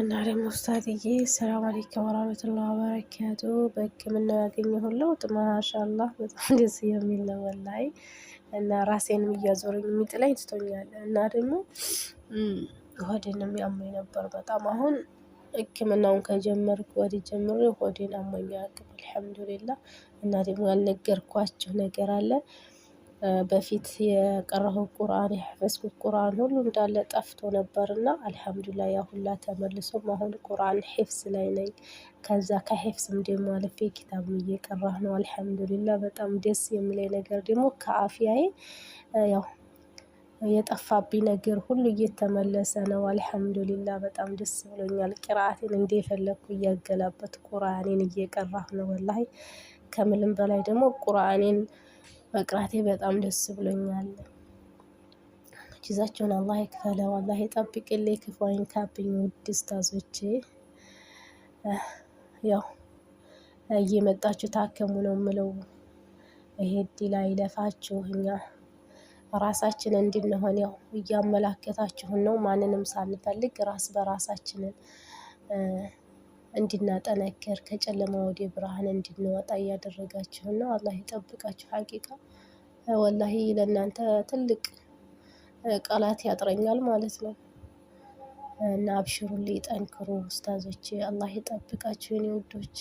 እና ደግሞ ውስታድዬ ሰላም አለይኩም ወራህመቱላሂ ወበረካቱ። በህክምና ያገኘሁት ለውጥ ማሻአላህ በጣም ደስ የሚል ነው ወላሂ። እና ራሴንም እያዞረኝ የሚጥለኝ ትቶኛል። እና ደግሞ ሆዴንም ያመኝ ነበር በጣም አሁን ህክምናውን ከጀመርኩ ወዲህ ጀምሮ ሆዴን አሞኝ አያውቅም አልሐምዱሊላህ። እና ደግሞ ያልነገርኳችሁ ነገር አለ በፊት የቀረው ቁርአን የሐፈዝኩት ቁርአን ሁሉ እንዳለ ጠፍቶ ነበር እና አልሐምዱሊላህ ያ ሁላ ተመልሶም አሁን ቁርአን ሂፍዝ ላይ ነኝ። ከዛ ከሂፍዝም ደግሞ አልፌ ኪታብ እየቀራ ነው። አልሐምዱሊላህ በጣም ደስ የሚለኝ ነገር ደግሞ ከአፍያዬ ያው የጠፋብኝ ነገር ሁሉ እየተመለሰ ነው። አልሐምዱሊላህ በጣም ደስ ብሎኛል። ቅርአቴን እንደ የፈለግኩ እያገላበት ቁርአኔን እየቀራሁ ነው። ወላሂ ከምልም በላይ ደግሞ ቁርአኔን መቅራቴ በጣም ደስ ብሎኛል። ቺዛቸውን አላህ ይክፈለው፣ አላህ ይጠብቅልኝ፣ ክፉ አይንካብኝ። ውድ ስታዞቼ ያው እየመጣችሁ ታከሙ ነው የምለው። ይሄድ ላይ ለፋችሁ እኛ ራሳችን እንድንሆን ያው እያመላከታችሁን ነው። ማንንም ሳንፈልግ ራስ በራሳችንን እንድናጠነክር ከጨለማ ወደ ብርሃን እንድንወጣ እያደረጋችሁ ነው። አላህ ይጠብቃችሁ። ሀቂቃ ወላሂ ለእናንተ ትልቅ ቃላት ያጥረኛል ማለት ነው። እና አብሽሩልኝ፣ ጠንክሩ ኡስታዞቼ። አላህ ይጠብቃችሁ የኔ ውዶች።